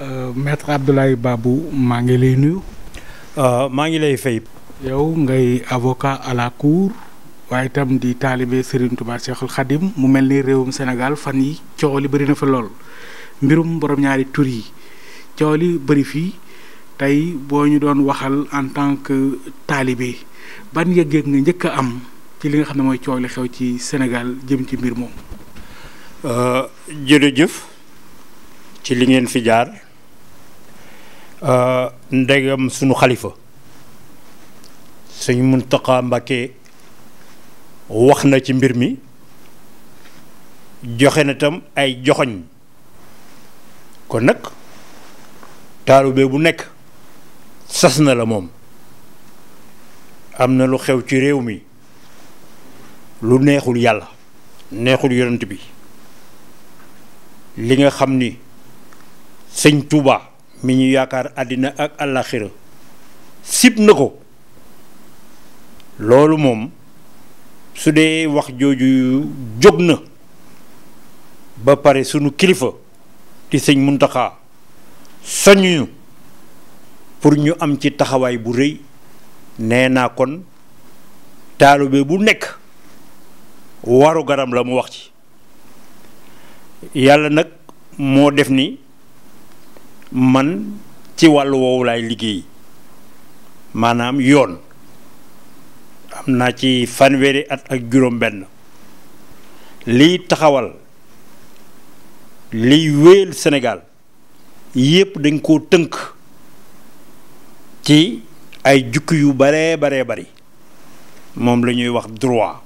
Euh, maître Abdoulaye Babou maa ngi lay nuyu. Euh, maa ngi lay fay. yow ngay avocat à la cour waaye itam di taalibe Serigne Touba Cheikhul mu mel ni réewum Sénégal fan yi coow li bëri na fa lool mbirum borom ñaari tur yi coow li bëri fii tey boo ñu doon waxal en tant que taalibe ban yëg-yëg nga njëkk a am ci li nga xam ne mooy coow li xew ci Sénégal jëm ci mbir moom. Euh, jërëjëf ci li ngeen fi jaar. Euh, ndegam sunu xalifa sëñ Muntaxa Mbàkke wax na ci mbir mi joxe na tam ay joxoñ kon nag taalibe bu nekk sas na la moom am na lu xew ci réew mi lu neexul yàlla neexul yonent bi li nga xam ni sëñ Tuubaa mi ñu yaakaar àddina ak àllaaxira sib na ko loolu moom su dee wax jooju jóg na ba pare sunu kilifa di sëñ Muntaxa soññu pour ñu am ci taxawaay bu rëy nee naa kon taalibe bu nekk waru garam la mu wax ci yàlla nag moo def ni man ci wàll woowu laay liggéey maanaam yoon am naa ci fanweeri at ak juróom-benn liy taxawal liy wéyal Sénégal yépp dañ koo tënk ci ay jukki yu baree baree bari moom la ñuy wax droit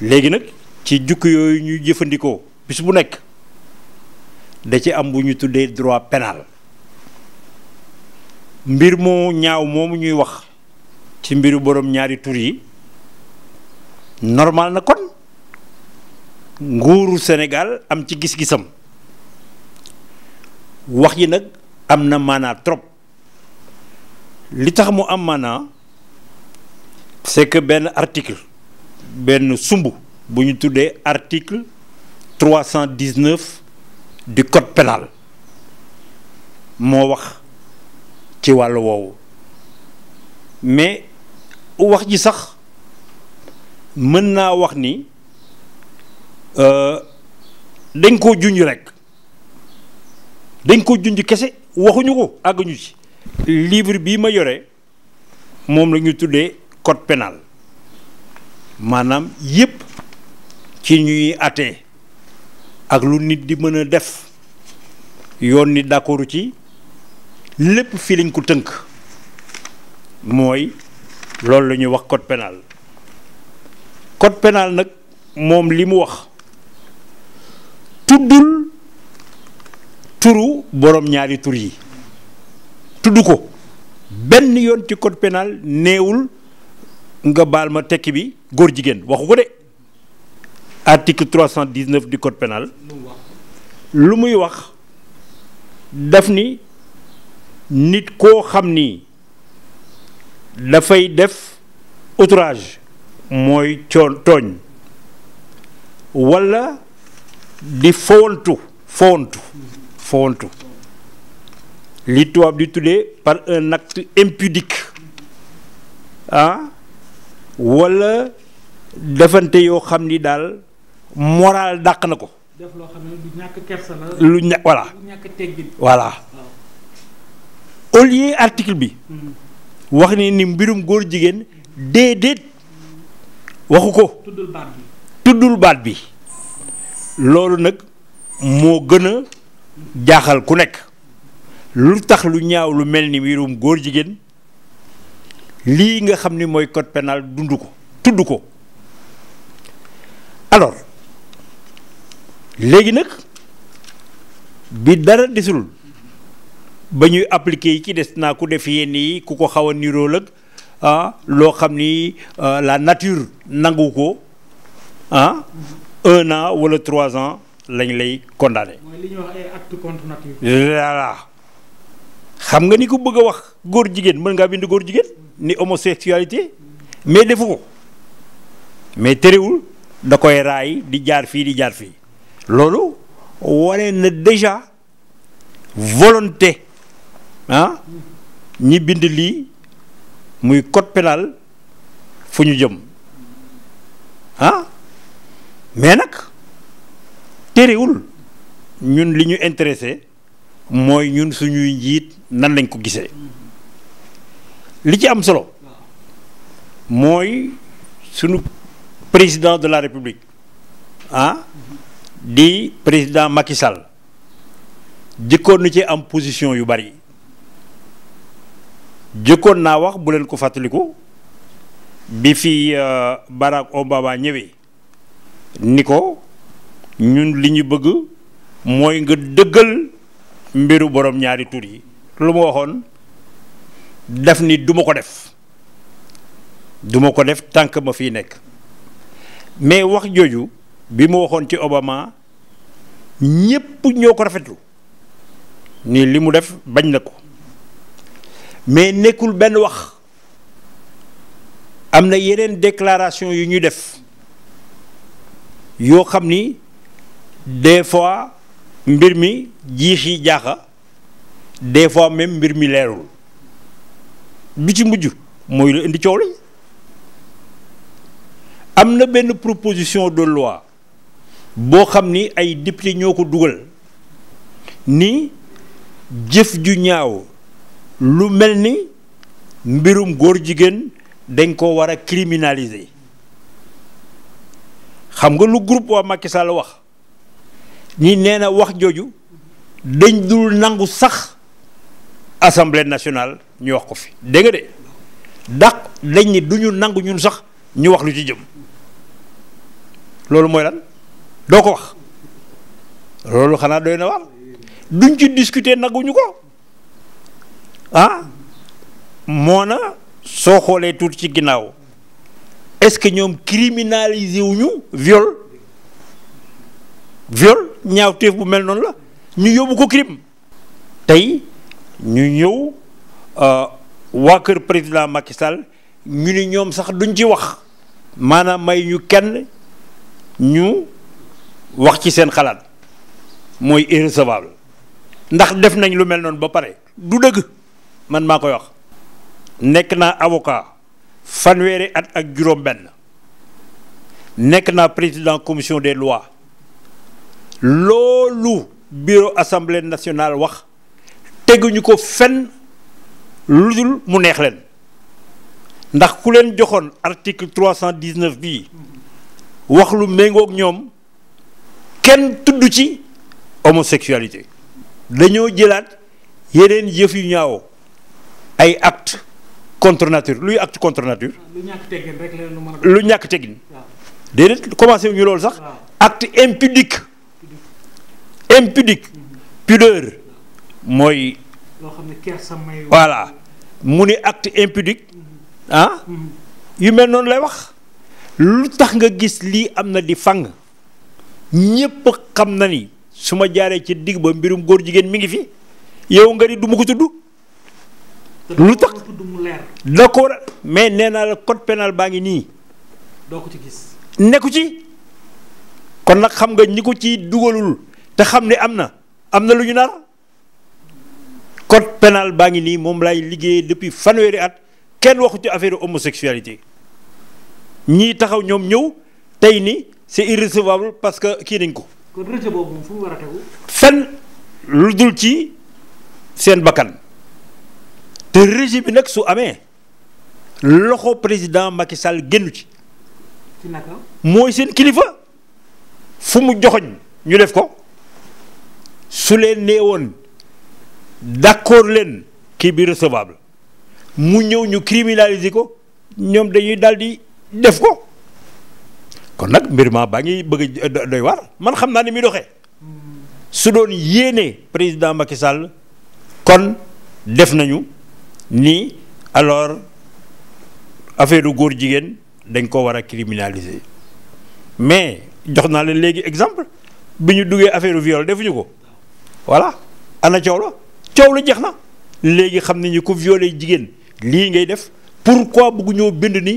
léegi nag ci jukki yooyu ñuy jëfandikoo bis bu nekk. da ci am bu ñu tuddee droit penal mbir moo ñaaw moomu ñuy wax ci mbiru borom ñaari tur yi normal na kon nguuru Sénégal am ci gis-gisam wax yi nag am na maanaa trop li tax mu am maanaa c'est que benn article benn sumb bu ñu tuddee article 319 di code pénal moo wax ci wàllu woowu mais wax ji sax mën naa wax ni euh, dañ koo junj rek dañ koo junj kese waxuñu ko àgguñu ci livre bii ma yore moom la ñu tuddee code pénal maanaam yépp ci ñuy àttee ak lu nit di mën a def yoon ni d'accordu ci lépp fii lañ ko tënk mooy loolu la ñuy wax code pénal code pénal nag moom li mu wax tuddul turu borom ñaari tur yi tudd ko benn yoon ci code pénal néewul nga baal ma tekki bi góor jigéen waxu ko de article 319 du code pénal lu muy wax daf ni nit koo xam ni dafay def outrage mooy coon tooñ walla di fowantu fowantu fowantu li tubaab di tuddee par un acte impudique ah, walla defante yoo xam ni daal moral dàq na ko. def loo xam lu ñàkk lu ña voilà lu ñàkk teggin. voilà au lieu bi. Hmm. wax ni ni mbirum góor jigéen déedéet waxu ko. tuddul baat bi loolu nag moo gën a jaaxal ku nekk lu tax lu ñaaw lu mel ni mbirum góor jigéen lii nga xam ni mooy code pénal dund ko tudd ko alors. léegi nag bi dara desul ba ñuy appliquer yi ci des naa ku def yenn yi ku ko xaw a nirool ak ah, loo xam ni euh, la nature nangu ko ah un an wala trois ans lañ lay condamné. mooy xam nga ni ku bëgg a wax góor jigéen mën ngaa bind góor jigéen ni homosexualité mais defu ko mais terewul da koy raay di jaar fii di jaar fii. loolu waree na déjà volonté ah ñi bind lii muy code pénal fu ñu jëm ah mais nag terewul ñun li ñu intéressé mooy ñun suñuy njiit nan lañ ko gisee li ci am solo mooy suñu président de la république ah di président Macky Sall jëkkoon na ci am position yu bari jëkkoon naa wax bu leen ko fàttaliku bi fi euh, Barack Obama ñëwee ni ko ñun li ñu bëgg mooy nga dëggal mbiru borom ñaari tur yi lu ma waxoon def ni duma ko def duma ko def tànk ma fiy nekk mais wax jooju bi mu waxoon ci Obama ñépp ñoo ko rafetlu ni li mu def bañ na ko mais nekkul benn wax am na yeneen déclaration yu ñu def yoo xam ni des fois mbir mi jiix yi jaaxa des fois même mbir mi leerul bi ci mujj mooy la indi coow lañ am na benn proposition de loi boo xam ni ay député ñoo ko dugal ni jëf ju ñaaw lu mel ni mbirum góor jigéen dañ ko war a criminalisé xam nga lu groupe waa Macky Sall wax ni nee na wax jooju dañ dul nangu sax assemblée nationale ñu wax ko fi dégg de daq dañ ni du nangu ñun sax ñu wax lu ci jëm loolu mooy lan doo ko wax loolu xanaa doy na waar duñ ci discuter ñu ko ah moo na soo xoolee tuuti ci ginnaaw est-ce que ñoom criminaliser wuñu viol viol ñaawteef bu mel noonu la ñu yóbbu ko crime tey ñu ñëw euh, waa kër président Macky ñu ni ñoom sax duñ ci wax maanaam may ñu kenn ñu wax ci seen xalaat mooy irrecevable ndax def nañ lu mel noonu ba pare du dëgg man maa koy wax nekk naa avocat fanweeri at ak juróom-benn nekk naa président commission des lois loolu bureau assemblée nationale wax teguñu ko fenn lu dul mu neex leen ndax ku leen joxoon article 319 bii wax lu méngoog ñoom kenn tudd ci homosexualité dañoo jëlaat yeneen jëf yu ñaawoo ay acte contre nature luy acte contre nature. Ah, lu ñàkk teggin rek déedéet commencé wu ñu loolu sax. Ah. acte impudique. impudique. pudeur mooy. loo xam ne voilà mu ni acte impudique mm-hmm. ah. Mm-hmm. noonu lay wax lu tax nga gis lii am na di fang. ñépp xam na ni su ma jaaree ci digg ba mbirum góor jigéen mi ngi fi yow nga ni du ma ko tudd. lu tax da ko war a mais nee naa la code pénal baa ngi nii. doo ko ci gis. nekku ci kon nag xam nga ñi ko ci dugalul te xam ne am na am na lu ñu naar code pénal baa ngi nii moom laay liggéeyee depuis fanweeri at kenn waxu ci affaire homosexualité ñii taxaw ñoom ñëw tey ni c'est irrecevable parce que kii nañ ko. kon boobu fu mu war fenn lu dul ci seen bakkan te rejet bi nag su amee loxo président Macky Sall génnu ci. mooy seen kilifa fu mu joxoñ ñu def ko su leen nee woon d'accord leen kii bi recevable mu ñëw ñu criminaliser ko ñoom dañuy daldi def ko. kon nag mbir maa baa ngi bëgg doy waar man xam naa ni muy doxe su doon yéene président Macky Sall kon def nañu nii alors affaire du góor jigéen dañ ko war a criminaliser mais jox naa leen léegi exemple bi ñu duggee affaire du viol defuñu ko voilà ana coow la coow la jeex na léegi xam nañu ko violé jigéen lii ngay def pourquoi bëgguñoo bind ni.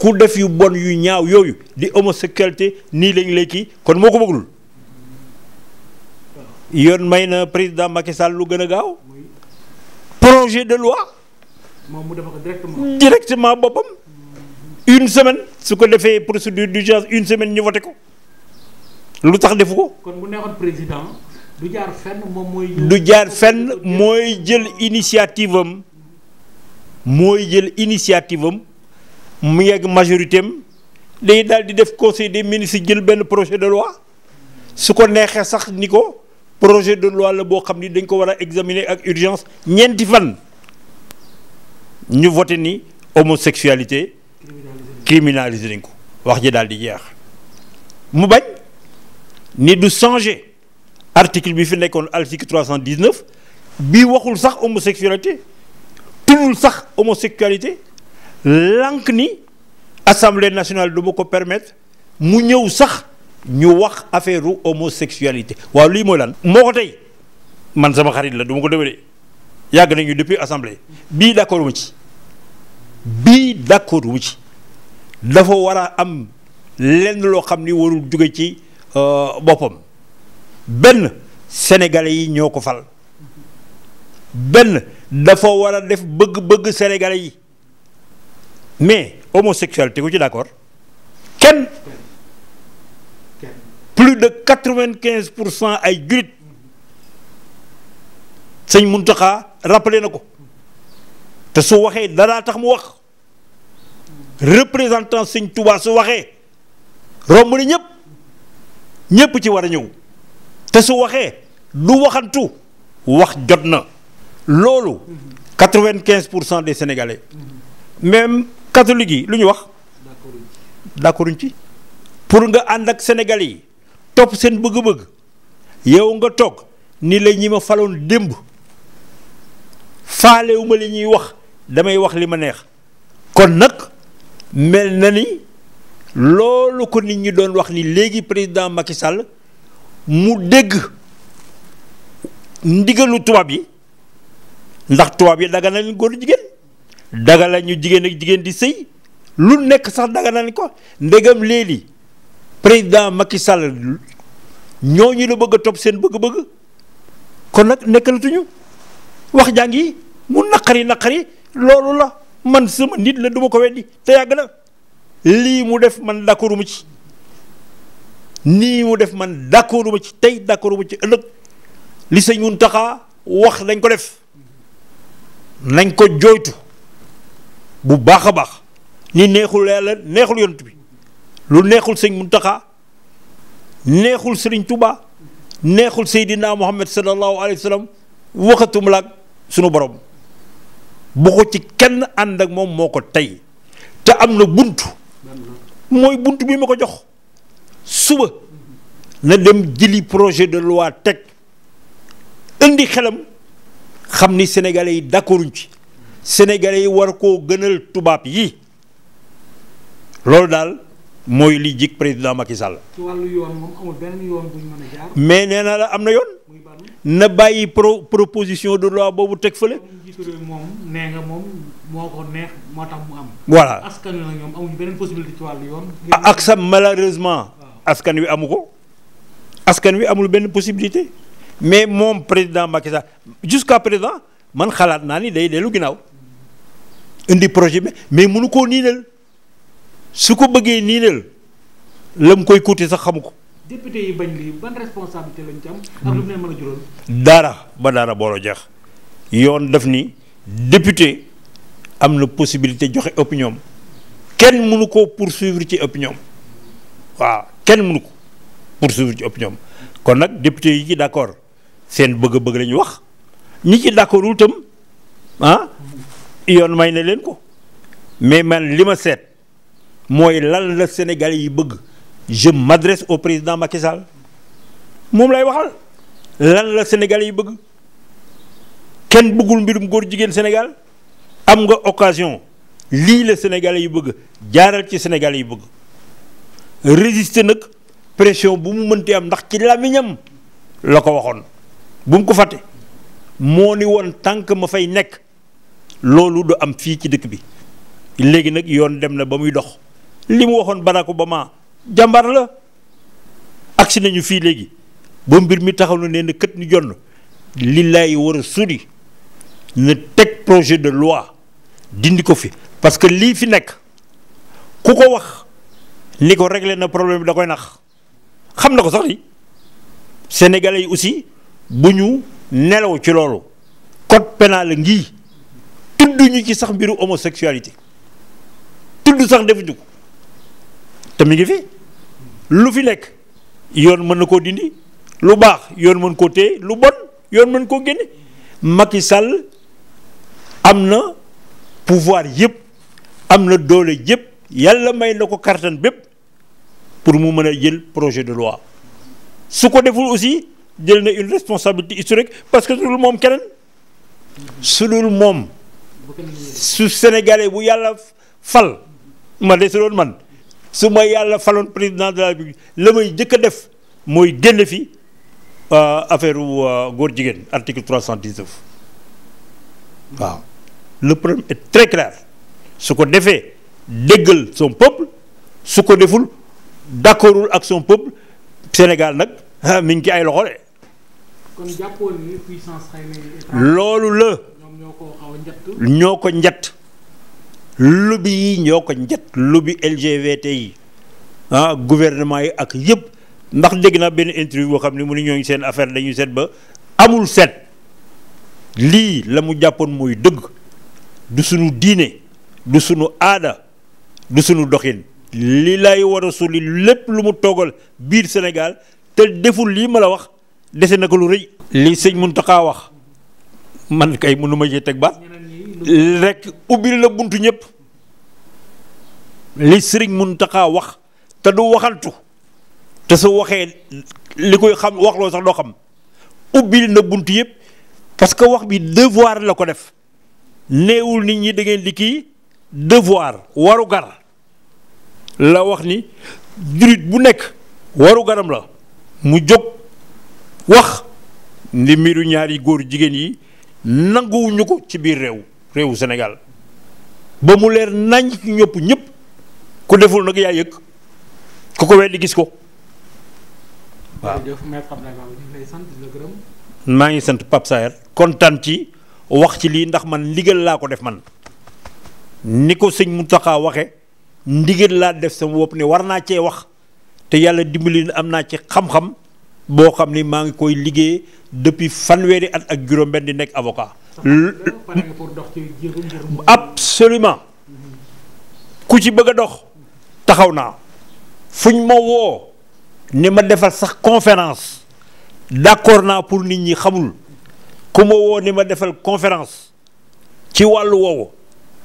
ku def yu bon yu ñaaw yooyu di homosexualité nii lañ lay kii kon moo ko bëggul yoon may na président Macky Sall lu gën a gaaw projet de loi. moom mu defal ko directement. boppam une semaine su ko defee procédure d'urgence une semaine ñu voté ko lu tax defu kon bu neexoon président du jaar fenn moom mooy. du jaar fenn mooy jël initiative am mooy jël initiative am. mu yegg majorité am day daal di def conseil des ministres jël benn projet de loi su ko neexee sax ni ko projet de loi la boo xam ni dañ ko war a examiner ak urgence ñeenti fan ñu voté ni homosexualité criminalisé nañ ko wax ji daal di jeex mu bañ ni du changer article bi fi nekkoon article 319 bii waxul sax homosexualité tunul sax homosexualité lànk ni assemblée nationale du ma ko permettre mu ñëw sax ñu wax affaire u homosexualité waaw lii mooy lan moo ko tey man sama xarit la duma ma ko de yàgg nañu depuis assemblée bii d'accord mu ci bii d'accord mu ci dafa war a am lenn loo xam ni warul jóge ci euh, boppam benn sénégalais yi ñoo ko fal benn dafa war a def bëgg-bëgg sénégalais yi. mais homosexualité ku ci d'accord kenn plus de quatre-vingt-quinze pour cent ay jurit sëñ Muntaxa rappelé na ko te su waxee daraa tax mu wax représentant sëñ Touba su waxee romb na ñëpp ñëpp ci war a ñëw te su waxee du waxantu wax jot na loolu quatre-vingt-quinze pour cent des Sénégalais catholique yi lu ñu wax d'accorduñ ci pour nga ànd ak Sénégal yi topp seen bëgg-bëgg yow nga toog ni la ñi ma faloon démb faalewuma li ñuy wax damay wax li ma neex kon nag mel na ni loolu ko nit ñi doon wax ni léegi président Macky Sall mu dégg ndigalu tubaab yi ndax tubaab yi daga na leen góor jigéen daga la ñu jigéen ak jigéen di sëy lu nekk sax daga nañ ko ndegam léegi président Macky ñoo ñu la bëgg a topp seen bëgg-bëgg kon nag nekkalatuñu wax jàng yi mu naqari naqari loolu la man sama nit la duma ko weddi te yàgg na lii mu def man d'accorduma ci nii mu def man d'accorduma ci tey d'accorduma ci ëllëg li ñun Muntaxa wax dañ ko def nañ ko jooytu bu baax a baax ni neexul yàlla neexul yonent bi lu neexul sëñ Muntaxa neexul sëriñ Tuba neexul Seydina Muhammad sallallahu alayhi wa sallam waxatum sunu borom bu ko ci kenn ànd ak moom moo ko tey te am na bunt mooy bunt bi ma ko jox suba na dem jëli projet de loi teg indi xelam xam ni sénégalais yi d'accorduñ ci sénégalais yi war koo gënal tubaab yi loolu daal mooy li jik président Macky Sall. ci wàllu yoon moom amul benn yoon bu ñu mën a jaar. mais nee naa la am na yoon. na bàyyi pro proposition de loi boobu teg fële. moom nee nga moom moo ko neex moo tax mu am. voilà askan wi nag ñoom amuñu beneen possibilité ci wàllu yoon. ak sa malheureusement. askan wi amu ko. askan wi amul benn possibilité. mais moom président Macky Sall jusqu'à présent man xalaat naa ni day dellu ginnaaw. indi projet bi mais munu koo niinal su ko bëggee niinal la mu koy coûter sax xamu ko. député bañ lii ban responsabilité lañ ci am. ak lu mu leen dara ba dara booro jeex yoon def ni député am na possibilité joxe opinion kenn mënu koo poursuivre ci opinion waaw kenn mënu ko poursuivre ci opinion kon nag député yi ci d'accord seen bëgg-bëgg la ñu wax ñi ci d'accordul tam ah, yoon may na leen ko mais man li ma seet mooy lan la Sénégalais yi bëgg je m'adresse au président Macky Sall moom lay waxal lan la Sénégalais yi bëgg kenn bëggul mbirum góor jigéen Sénégal am nga occasion lii la Sénégalais yi bëgg jaaral ci Sénégalais yi bëgg résister nag pression bu mu mënti am ndax ci làmmiñam la ko waxoon bu mu ko fàtte moo ni woon tànk ma fay nekk loolu du am fii ci dëkk bi léegi nag yoon dem na ba muy dox li mu waxoon ba ma jàmbaar la agsi nañu fii léegi ba mbir mi taxaw na nee na kët ni jonn li lay war a suri na teg projet de loi dindi ko fi parce que lii fi nekk ku ko wax ni ko réglé na problème bi da koy nax xam na ko sax ni yi aussi bu ñu nelaw ci loolu code pénal ngi tudd ñu ci sax mbiru homosexualité tudd sax defuñu ko te mi ngi fi lu fi nekk yoon mën na koo dindi lu baax yoon mën koo téye lu bon yoon mën koo génne Macky Sall am na pouvoir yëpp am na doole yëpp yàlla may na ko kartan bépp pour mu mën a jël projet de loi su ko deful aussi jël na une responsabilité historique parce que su dul moom keneen su dul moom su sénégalais bu yàlla fal ma desuloon man su ma yàlla faloon président de la république la may njëkk a def mooy génn fi euh, affaire euh, góor jigéen article 319 waaw le problème est très clair su ko defee déggal son su ko deful d'accordul ak son peuple Sénégal nag mi ngi ci ay loxo de. loolu la. ñoo ko njett lobby yi ñoo ko njett lobby LGBT yi ah gouvernement yi ak yëpp ndax dégg naa benn interview boo xam ne mu ñoo ñooñu seen affaire dañuy seet ba amul seet lii la mu jàppoon mooy dëgg du sunu diine du sunu aada du sunu doxin li lay war lépp lu mu toogal biir Sénégal te deful lii ma la wax dese na ko lu rëy. li sëñ Mountakha wax. man kay mënu ma ci teg ba rek ubbil la buntu ñëpp li sëriñ Muntaxa wax te du waxantu te su waxee li koy xam waxloo sax doo xam ubbil na bunt yëpp parce que wax bi devoir la ko def néewul nit ñi da ngeen di kii devoir warugar la wax ni jurit bu nekk warugaram la mu jóg wax ndi mbiru ñaari góor jigéen yi nanguwuñu ko ci biir réew réewu Sénégal ba mu leer nañ ñëpp ñëpp ku deful nag yaa yëg ku ko weddi gis ko waaw. maa ngi sant Pape Saer kontaan ci wax ci lii ndax man ndigal laa ko def man ni ko sëñ Mountakha waxe ndigal laa def sama bopp ne war naa cee wax te yàlla dimbali am naa ci xam-xam. boo xam ni maa ngi koy liggéey depuis fanweeri at ak juróom-benn di nekk avocat. absolument ku ci bëgg a dox taxaw naa fuñ ma woo ne ma defal sax conférence d'accord naa pour nit ñi xamul ku ma woo ne ma defal conférence ci wàllu woowu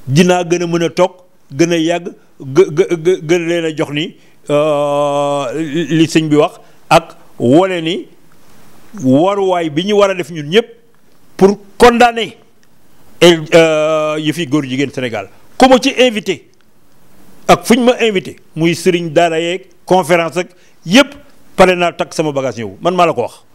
dinaa gën a mën a toog gën a yàgg gë gë gën leen a jox ni euh, li sëñ bi wax ak. wone ni waruwaay bi ñu war a def ñun ñëpp pour yi eh, euh, yëfi góor jigéen Sénégal ku ci invité ak fu ñu ma invité muy sëriñ daara yeeg conférence ak yëpp pare naa takk sama bagage ñëw man maa la ko wax.